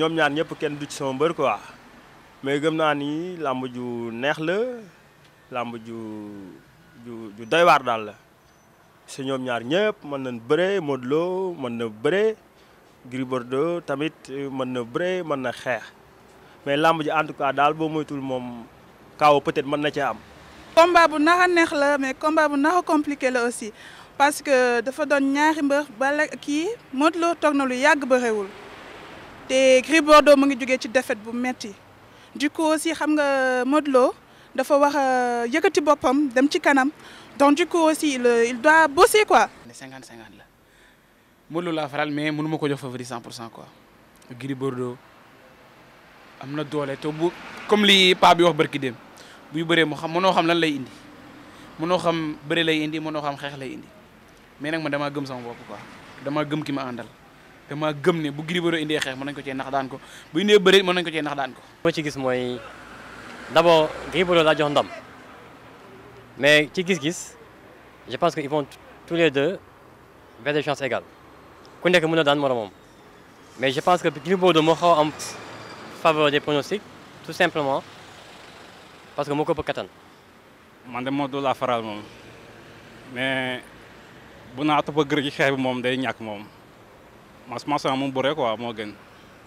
ñom ñaar ñëpp kenn du ci sama mbër quoi mais gëm na ni làmb ju neex la làmb ju ju ju doy war dal la si ñom ñaar ñëpp mën nañ béré modlo Lo mën na béré Gris Bordeaux tamit mën na béré mën na xex mais làmb ji en tout cas dal bo moytul mom kaw peut-être mën na ci am. combat bu nax neex la mais combat bu nax compliqué la aussi parce que dafa doon ñaari mbër ba ki modlo Lo toog na lu yàgg bërewul te Gris Bordeaux mu ngi jógee ci défaite bu metti du coup aussi xam nga Modou Lo dafa wax euh, yëkkati boppam dem ci canam. donc du coup aussi il euh, doit bosser quoi. ne 50 50 là. Modou la laa faral mais mënu ma ko jox favori 100 quoi Gris Bordeaux Amna na doole te bu comme li pa bi wax barki dem buy bëree mo xam mënoo xam lan lay indi mënoo xam bëri lay indi mënoo xam xex lay indi mais nak ma dama gëm sama bop quoi Dama gëm ki ma àndal dama gëm ne bu Gris Bordeaux indee xeex mën nañ ko cee nax daan ko bu indee bëreet mën nañ ko cee nax daan ko. boo ci gis moy d'abord Gris la jox ndam mais ci gis-gis je pense que ils vont tous les deux vers des chances égales ku nekk mën na daan moromam mais je pense que Gris Bordeaux moo xaw am faveur des pronostics tout simplement parce que moo ko ëpp man dem Modou la faral mom mais bu naa topp a gër ci bi moom day ñak mom Massan moom bu rek quoi moo gën.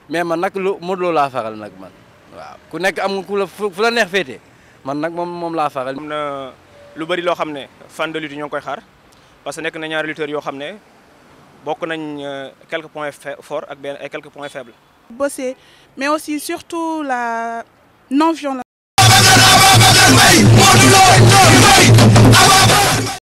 mais man nag lu Modou Lo laa faral nag man waaw ku nekk am nga ku la fu la neex féete man nag moom moom laa faral. lu bëri lo xam fan de lutte ñoo ngi koy xaar parce que nekk na ñaari lutteurs yoo xam ne nañ euh, quelques points forts ak benn ay quelques points faibles. bosser mais aussi surtout la non violence.